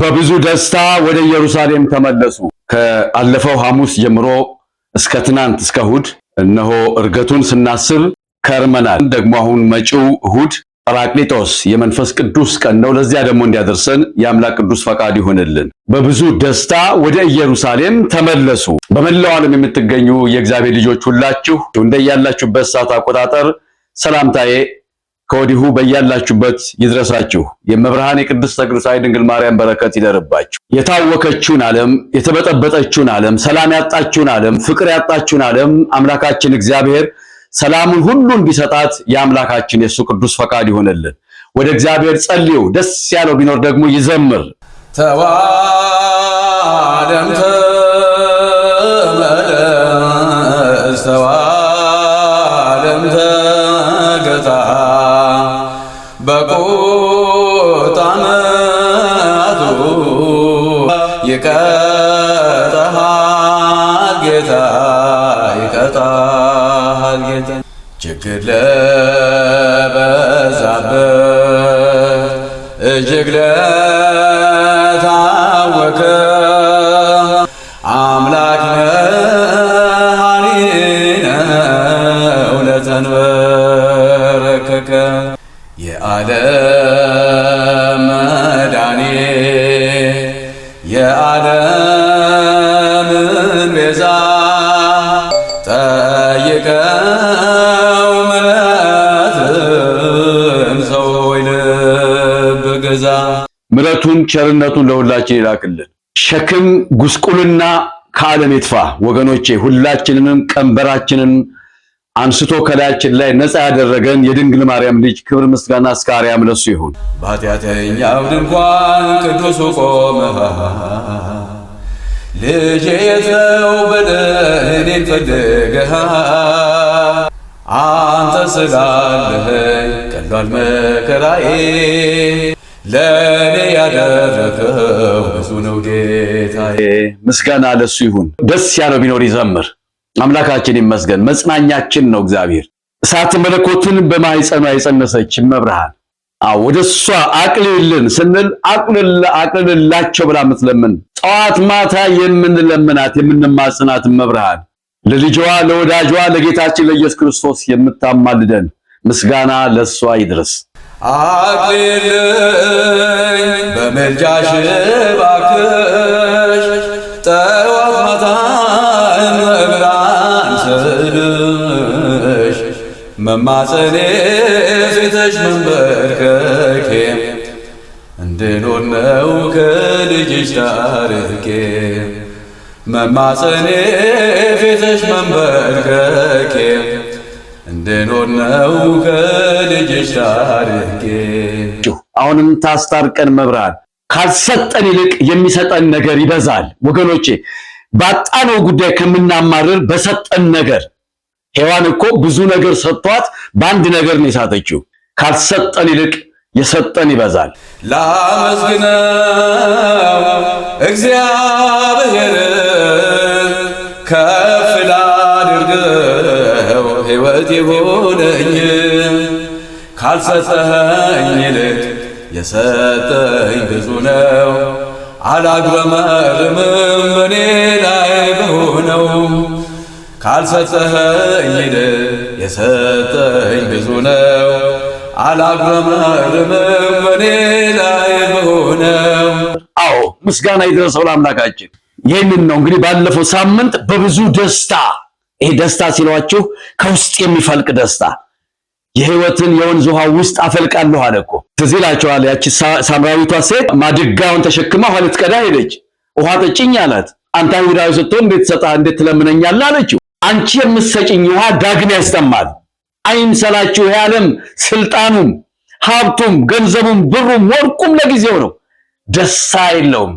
በብዙ ደስታ ወደ ኢየሩሳሌም ተመለሱ። ከአለፈው ሐሙስ ጀምሮ እስከ ትናንት እስከ እሁድ እነሆ እርገቱን ስናስብ ከርመናል። ደግሞ አሁን መጪው እሁድ ጰራቅሊጦስ የመንፈስ ቅዱስ ቀን ነው። ለዚያ ደግሞ እንዲያደርሰን የአምላክ ቅዱስ ፈቃድ ይሆንልን። በብዙ ደስታ ወደ ኢየሩሳሌም ተመለሱ። በመላው ዓለም የምትገኙ የእግዚአብሔር ልጆች ሁላችሁ እንደያላችሁበት ሰዓት አቆጣጠር ሰላምታዬ ከወዲሁ በያላችሁበት ይድረሳችሁ። የመብርሃን የቅድስተ ቅዱሳን ድንግል ማርያም በረከት ይደርባችሁ። የታወከችውን ዓለም፣ የተበጠበጠችውን ዓለም፣ ሰላም ያጣችውን ዓለም፣ ፍቅር ያጣችውን ዓለም አምላካችን እግዚአብሔር ሰላሙን ሁሉ እንዲሰጣት የአምላካችን የእሱ ቅዱስ ፈቃድ ይሆንልን ወደ እግዚአብሔር ጸልዩ። ደስ ያለው ቢኖር ደግሞ ይዘምር ተዋ ይቀጣሃል ጌታ ይቀጣሃል ጌታ ችግር ለበዛበት እጅግ ለታወከ አምላክ መሐሪ ነው ለተንበረከከ የዓለም መድኃኒት የዓለም ቤዛ ጠይቀው ምሕረትን ሰው ልብ ገዛ። ምሕረቱን ቸርነቱን ለሁላችን ይላክልን። ሸክም ጉስቁልና ከዓለም ይጥፋ። ወገኖቼ ሁላችንንም ቀንበራችንን አንስቶ ከላያችን ላይ ነፃ ያደረገን የድንግል ማርያም ልጅ ክብር ምስጋና እስከ አርያም ለሱ ይሁን። በኃጢአተኛው ድንኳን ቅዱሱ ቆመ ልጄ የትነው እኔን ፈልገሃል አንተ ስላለኸኝ ቀሏል መከራዬ ለእኔ ያደረገው ብዙ ነው ጌታዬ። ምስጋና ለሱ ይሁን። ደስ ያለው ቢኖር ይዘምር። አምላካችን ይመስገን፣ መጽናኛችን ነው እግዚአብሔር። እሳት መለኮትን በማኅፀኗ የጸነሰች እመብርሃን ወደ እሷ አቅልልን ስንል አቅልላቸው ብላ የምትለምን ጠዋት ማታ የምንለምናት የምንማጽናት መብርሃን ለልጅዋ ለወዳጇ ለጌታችን ለኢየሱስ ክርስቶስ የምታማልደን ምስጋና ለእሷ ይድረስ። አቅልልኝ በምልጃሽ እባክሽ ጠዋት ማታ መማፀኔ ፊትሽ መንበርከኬ እንድኖር ነው ከልጅሽ ታርቄ መማፀኔ ፊትሽ መንበርከኬ እንድኖር ነው ከልጅሽ ታርቄ አሁንም ታስታርቀን መብርሃን ካልሰጠን ይልቅ የሚሰጠን ነገር ይበዛል። ወገኖቼ ባጣነው ጉዳይ ከምናማርር በሰጠን ነገር ሔዋን እኮ ብዙ ነገር ሰጥቷት በአንድ ነገር ነው የሳተችው። ካልሰጠን ይልቅ የሰጠን ይበዛል። ላመስግነው እግዚአብሔር ከፍ ላድርገው ሕይወት የሆነኝ ካልሰጠኝ ይልቅ የሰጠኝ ብዙ ነው። አላግረመርምም እኔ ላይ በሆነው ካልሰጠኸኝ ሂድ የሰጠኝ ብዙ ነው። አላጉረመርምም እኔ ላይ በሆነው። አዎ ምስጋና ይድረሰው ለአምላካችን። ይህንን ነው እንግዲህ ባለፈው ሳምንት በብዙ ደስታ ይሄ ደስታ ሲሏችሁ ከውስጥ የሚፈልቅ ደስታ የህይወትን የወንዝ ውሃ ውስጥ አፈልቃለሁ አለ እኮ። ትዝ ይላችኋል ያቺ ሳምራዊቷ ሴት ማድጋውን ተሸክማ ውሃ ልትቀዳ ሄደች። ውሃ ጠጭኝ አላት። አንተ አይሁዳዊ ስትሆን እንዴት ትሰጣ እንዴት ትለምነኛለህ አለችው። አንቺ የምትሰጭኝ ውሃ ዳግም ያስጠማል። አይምሰላችሁ፣ የዓለም ስልጣኑም፣ ሀብቱም፣ ገንዘቡም፣ ብሩም፣ ወርቁም ለጊዜው ነው፣ ደስታ የለውም።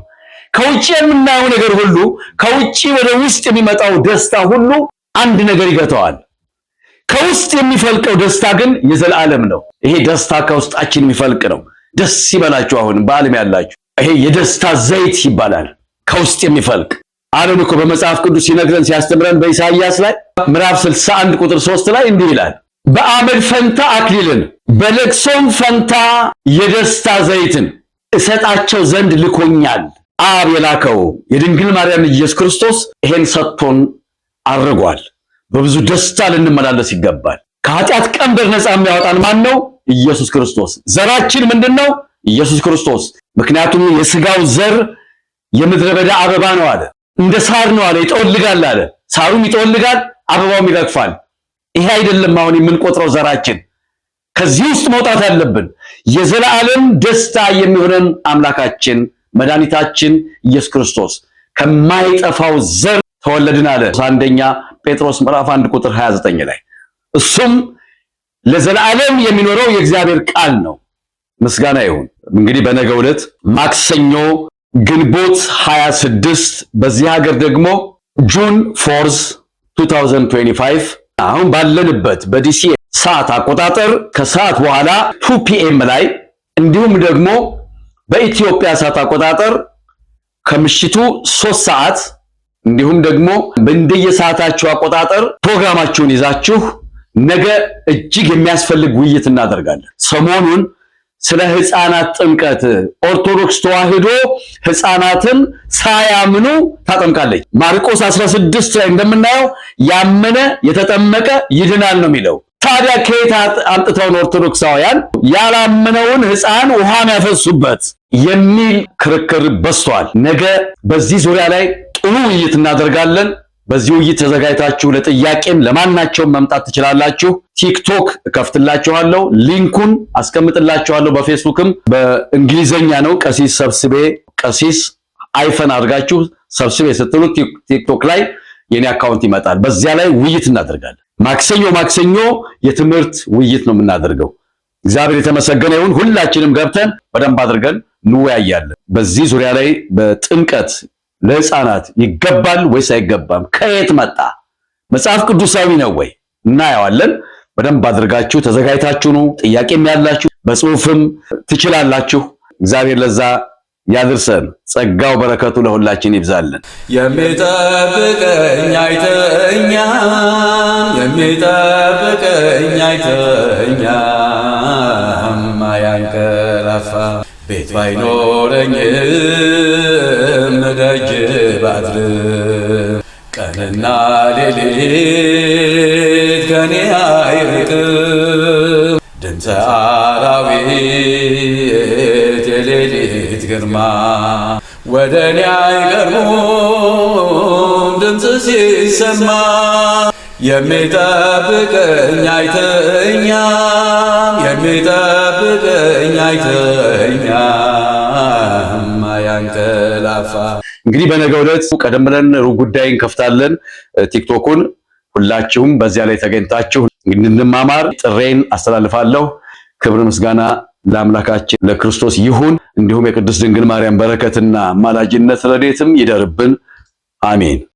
ከውጭ የምናየው ነገር ሁሉ ከውጭ ወደ ውስጥ የሚመጣው ደስታ ሁሉ አንድ ነገር ይገተዋል። ከውስጥ የሚፈልቀው ደስታ ግን የዘላለም ነው። ይሄ ደስታ ከውስጣችን የሚፈልቅ ነው። ደስ ይበላችሁ። አሁን በዓለም ያላችሁ ይሄ የደስታ ዘይት ይባላል። ከውስጥ የሚፈልቅ አለን እኮ በመጽሐፍ ቅዱስ ሲነግረን ሲያስተምረን በኢሳይያስ ላይ ምዕራፍ 61 ቁጥር 3 ላይ እንዲህ ይላል፣ በአመድ ፈንታ አክሊልን በለቅሶም ፈንታ የደስታ ዘይትን እሰጣቸው ዘንድ ልኮኛል። አብ የላከው የድንግል ማርያም ኢየሱስ ክርስቶስ ይሄን ሰጥቶን አድርጓል። በብዙ ደስታ ልንመላለስ ይገባል። ከኃጢአት ቀንበር ነፃ የሚያወጣን ማን ነው? ኢየሱስ ክርስቶስ። ዘራችን ምንድን ነው? ኢየሱስ ክርስቶስ። ምክንያቱም የስጋው ዘር የምድረ በዳ አበባ ነው አለ እንደ ሳር ነው አለ። ይጠወልጋል አለ። ሳሩም ይጠወልጋል፣ አበባውም ይረግፋል። ይሄ አይደለም አሁን የምንቆጥረው ዘራችን። ከዚህ ውስጥ መውጣት አለብን። የዘላለም ደስታ የሚሆነን አምላካችን መድኃኒታችን ኢየሱስ ክርስቶስ ከማይጠፋው ዘር ተወለድን አለ። አንደኛ ጴጥሮስ ምዕራፍ 1 ቁጥር 29 ላይ እሱም ለዘላለም የሚኖረው የእግዚአብሔር ቃል ነው። ምስጋና ይሁን። እንግዲህ በነገው ዕለት ማክሰኞ ግንቦት 26 በዚህ ሀገር ደግሞ ጁን ፎርዝ 2025 አሁን ባለንበት በዲሲ ሰዓት አቆጣጠር ከሰዓት በኋላ 2 ፒኤም ላይ እንዲሁም ደግሞ በኢትዮጵያ ሰዓት አቆጣጠር ከምሽቱ 3 ሰዓት እንዲሁም ደግሞ በእንደየሰዓታችሁ አቆጣጠር ፕሮግራማችሁን ይዛችሁ ነገ እጅግ የሚያስፈልግ ውይይት እናደርጋለን። ሰሞኑን ስለ ህፃናት ጥምቀት ኦርቶዶክስ ተዋህዶ ህፃናትን ሳያምኑ ታጠምቃለች። ማርቆስ 16 ላይ እንደምናየው ያመነ የተጠመቀ ይድናል ነው የሚለው። ታዲያ ከየት አምጥተውን ኦርቶዶክሳውያን ያላመነውን ህፃን ውሃን ያፈሱበት የሚል ክርክር በዝቷል። ነገ በዚህ ዙሪያ ላይ ጥሩ ውይይት እናደርጋለን። በዚህ ውይይት ተዘጋጅታችሁ ለጥያቄም ለማናቸውም መምጣት ትችላላችሁ። ቲክቶክ እከፍትላችኋለሁ፣ ሊንኩን አስቀምጥላችኋለሁ። በፌስቡክም በእንግሊዘኛ ነው። ቀሲስ ሰብስቤ ቀሲስ አይፈን አድርጋችሁ ሰብስቤ ስትሉ ቲክቶክ ላይ የኔ አካውንት ይመጣል። በዚያ ላይ ውይይት እናደርጋለን። ማክሰኞ ማክሰኞ የትምህርት ውይይት ነው የምናደርገው። እግዚአብሔር የተመሰገነ ይሁን። ሁላችንም ገብተን በደንብ አድርገን እንወያያለን። በዚህ ዙሪያ ላይ በጥምቀት ለህፃናት ይገባል ወይስ አይገባም? ከየት መጣ? መጽሐፍ ቅዱሳዊ ነው ወይ? እናየዋለን። በደንብ አድርጋችሁ ተዘጋጅታችሁ ነው። ጥያቄም ያላችሁ በጽሁፍም ትችላላችሁ። እግዚአብሔር ለዛ ያድርሰን። ጸጋው በረከቱ ለሁላችን ይብዛልን። የሚጠብቀኝ አይተኛም፣ የሚጠብቀኝ አይተኛም፣ አያንቀላፋ ቤት ባይኖረኝ ደጅ ባድር ቀንና ሌሊት ከኔ አይርቅ ድምፀ አራዊት የሌሊት ግርማ ወደ እኔ አይቀርሙም ድምፅ ሲሰማ የሚጠብቀኝ አይተኛም የሚጠብቀኝ አይተኛም አያንቀ እንግዲህ በነገ ዕለት ቀደም ብለን ሩብ ጉዳይ እንከፍታለን ቲክቶኩን። ሁላችሁም በዚያ ላይ ተገኝታችሁ እንድንማማር ጥሬን አስተላልፋለሁ። ክብር ምስጋና ለአምላካችን ለክርስቶስ ይሁን። እንዲሁም የቅድስት ድንግል ማርያም በረከትና አማላጅነት ረድኤትም ይደርብን፣ አሜን።